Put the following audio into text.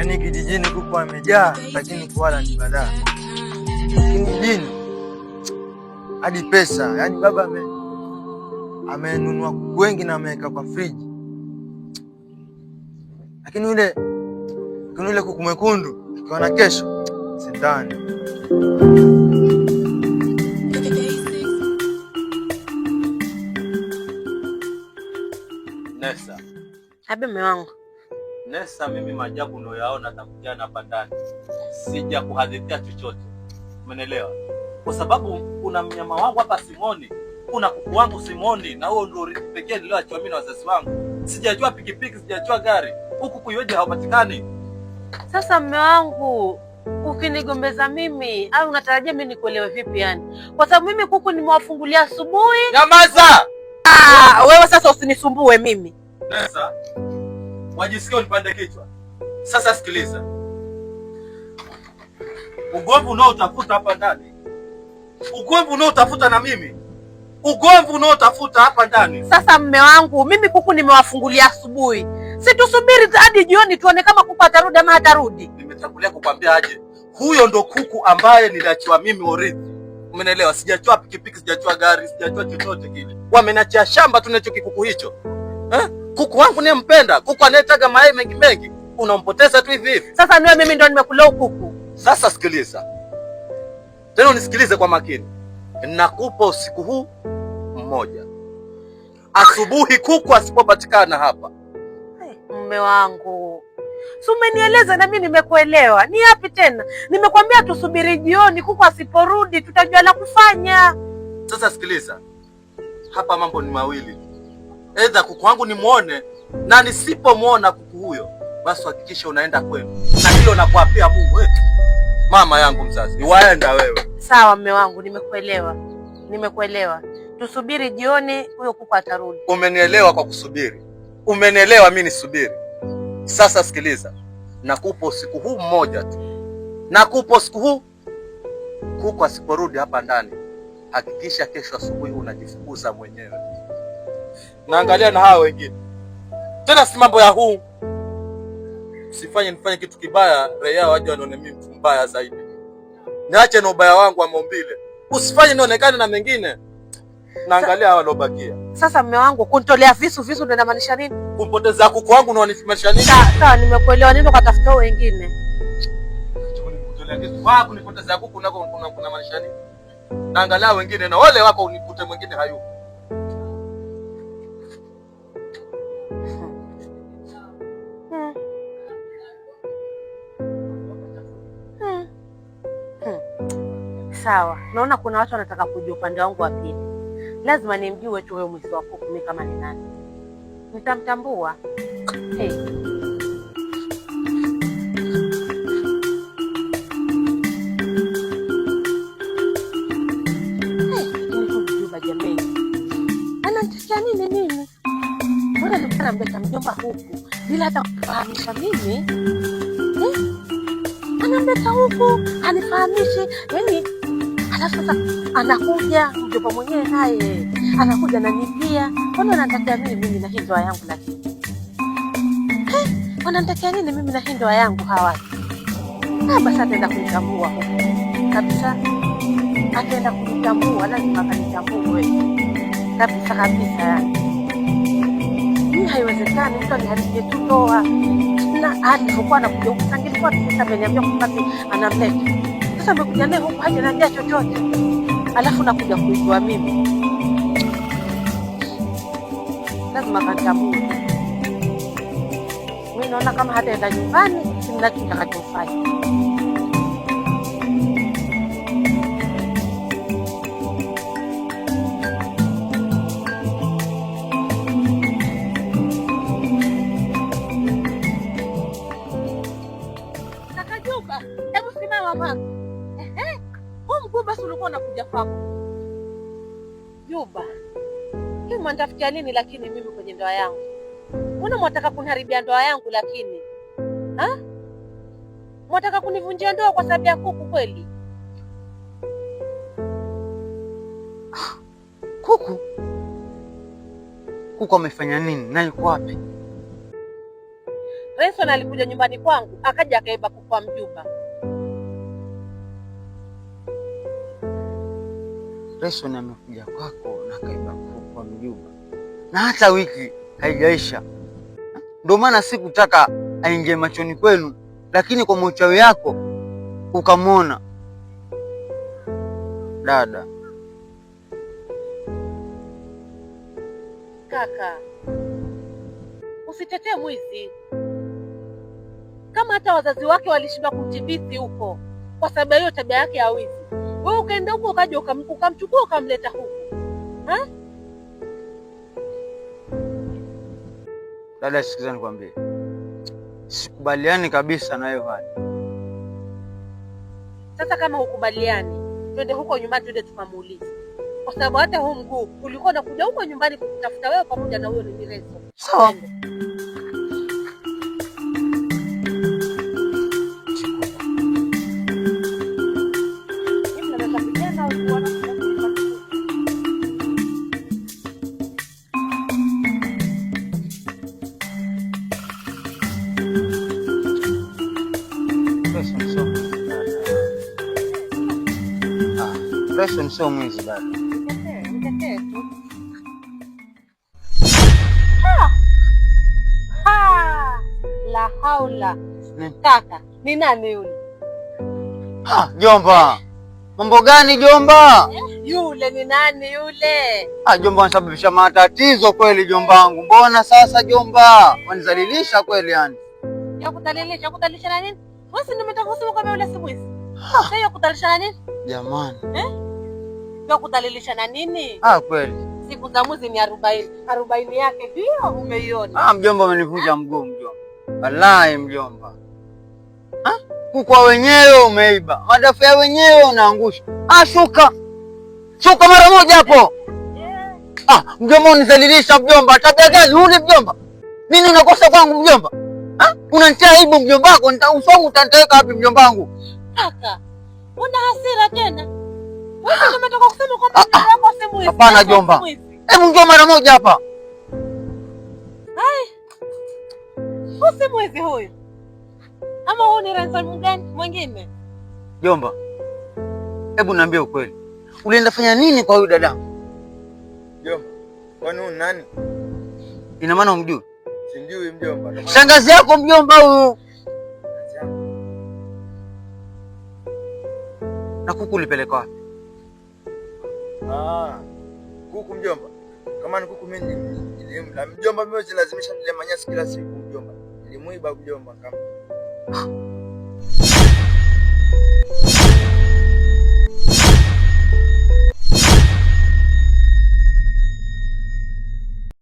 Yaani kijijini kuku amejaa, lakini kuwala ni lakini Kijijini hadi pesa, yaani baba amenunua kuku wengi na ameweka kwa friji, lakini yule yule kuku mwekundu akiona kesho sindani Nesa. Habe, wangu Nesa, mimi majabu unayoyaona tangu jana hapa ndani sija kuhadithia chochote, menelewa Kwa sababu kuna mnyama wangu hapa Simoni, kuna kuku wangu Simoni, na huo ndio urithi pekee nilioachiwa mimi na wazazi wangu. Sijajua pikipiki, sijajua gari, huku kuioje haupatikani. Sasa mme wangu ukinigombeza mimi au unatarajia mimi nikuelewe vipi? Yani kwa sababu mimi kuku nimewafungulia asubuhi. Nyamaza! Ah, wewe sasa usinisumbue mimi Nesa. Mwajisikia unipande kichwa. Sasa sikiliza, ugomvi unaotafuta hapa ndani, ugomvi unaotafuta na mimi, ugomvi unaotafuta hapa ndani. Sasa mme wangu, mimi kuku nimewafungulia asubuhi, situsubiri hadi jioni tuone kama kuku atarudi ama hatarudi. Nimetangulia kukwambia aje, huyo ndo kuku ambaye niliachiwa mimi orithi Umenielewa? Sijachua pikipiki, sijachua gari, sijachua chochote kile. Wamenachia shamba tu nacho kikuku hicho eh? kuku wangu niyempenda, kuku anayetaga mayai mengi mengi, unampoteza tu hivi hivi. Sasa niwe mimi ndo nimekula kuku? Sasa sikiliza tena, unisikilize kwa makini. Nakupa usiku huu mmoja, asubuhi kuku asipopatikana hapa. mme wangu si umenieleza na mimi nimekuelewa. Ni yapi tena? Nimekwambia tusubiri jioni, kuku asiporudi tutajua la kufanya. Sasa sikiliza hapa, mambo ni mawili edha kuku wangu nimwone, na nisipomwona kuku huyo, basi hakikisha unaenda kwenu, na hilo nakuapia Mungu wetu. Eh, mama yangu mzazi, waenda wewe. Sawa mme wangu, nimekuelewa, nimekuelewa. Tusubiri jioni, huyo kuku atarudi. Umenielewa kwa kusubiri, umenielewa mi nisubiri. Sasa sikiliza, nakupa usiku huu mmoja tu, nakupa usiku huu. Kuku asiporudi hapa ndani, hakikisha kesho asubuhi unajifukuza mwenyewe naangalia na hawa wengine tena, si mambo ya huu. Usifanye nifanye kitu kibaya, raia waje wanione mimi mtu mbaya zaidi. Niache na ubaya wangu wa maumbile, usifanye nionekane na mengine. Naangalia hawa waliobakia. Sasa mume wangu kunitolea visu visu ndio inamaanisha nini? Kumpoteza kuku wangu ndio inamaanisha nini? Sawa, nimekuelewa. Nenda katafuta wengine. Kunipoteza kuku nako kunamaanisha nini? Naangalia wengine na wale wako unikute mwingine hayupo. sawa, naona kuna watu wanataka kujua upande wangu wa pili. Lazima nimjue tu huyo mwizi wa kumi kama ni nani nitamtambua. Hey. Eh. Eh, mjomba huku bila hata kufahamisha mimi, eh? Anambeta huku anifahamishi, yani Alafu sasa anakuja mjomba mwenyewe naye anakuja ananipia, mbona ananitakia nini mimi na hii ndoa yangu, lakini wanantakia nini mimi na hii ndoa yangu hawa? Basi ataenda kunitambua huko kabisa, ataenda kunitambua, lazima akanitambue kabisa kabisa. Yani hii haiwezekani, mtu aliharibie tu ndoa na alivyokuwa anakuja huku, sangilikuwa tumesema, niambia kupati anamleta sasa umekuja naye huku haja najia chochote, alafu nakuja kuijua mimi, lazima kantambue. Mi naona kama hataenda nyumbani, sina kitu atakachofanya. kuja kwako. Juba, hii mwanitafutia nini lakini mimi kwenye ndoa yangu? Mbona mwataka kuniharibia ndoa yangu lakini? Ha? Mwataka kunivunjia ndoa kwa sababu ya kuku kweli? Ah, kuku? Kuku amefanya nini? Na yuko wapi? Renson alikuja nyumbani kwangu, akaja akaiba kuku wa mjumba. Grayson amekuja kwako na kaiba kwa mjumba, na hata wiki haijaisha. Ndio maana sikutaka aingie machoni kwenu, lakini kwa mauchawi yako ukamwona. Dada kaka, usitetee mwizi kama hata wazazi wake walishindwa kumtibiti huko kwa sababu hiyo tabia yake ya wizi. Wewe ukaenda huko ukaja ukamchukua ukamleta huku. Ha? Dada, sikiza nikwambie, sikubaliani kabisa na hiyo hali. Sasa kama hukubaliani, twende huko nyumbani, twende tukamuulize, kwa sababu hata huu mguu ulikuwa unakuja huko nyumbani kukutafuta wewe pamoja na huyo Rezo. Sawa. Tyson sio mwizi bado. La haula. Kaka, ni nani yule? Ha, jomba. Mambo gani jomba? Yule ni nani yule? Ah, jomba wanasababisha matatizo kweli jombangu. Mbona sasa jomba? Wanizalilisha kweli yani. Ya kutalilisha, ya kudhalilisha na nini? Wewe si ndio umetaka kusema kwamba yule si mwizi? Sasa ya kudhalilisha na nini? Jamani. Eh? Sio kudhalilisha na nini? Ah, kweli. Siku za mwezi ni arobaini. Arobaini yake ndio umeiona. Ah, mjomba umenivunja mguu mjomba. Wallahi mjomba. Ah, kukwa wenyewe umeiba. Madafu ya wenyewe unaangusha. Ah, shuka. Shuka mara moja hapo. Yeah. Ah, mjomba unizalilisha mjomba. Tabia gani huni mjomba? Nini unakosa kwangu mjomba? Ah, unanitia aibu mjomba wako. Uso wangu wapi mjomba wangu? Kaka, una hasira tena? Hapana jomba, hebu njoo mara moja hapa. Si mwizi huyu ama huyu ni ransom gani mwingine? Jomba, hebu niambie ukweli, ulienda fanya nini kwa huyu dadangu? Jomba, kwani huyu nani? Ina maana umjui? Simjui mjomba. Shangazi yako mjomba huyu. Na kuku ulipeleka wapi? Ah. kuku mjomba, kama ni kuku mimi nilimla mjomba, mimi lazimisha nile manyasi kila siku mjomba, nilimuiba mjomba kama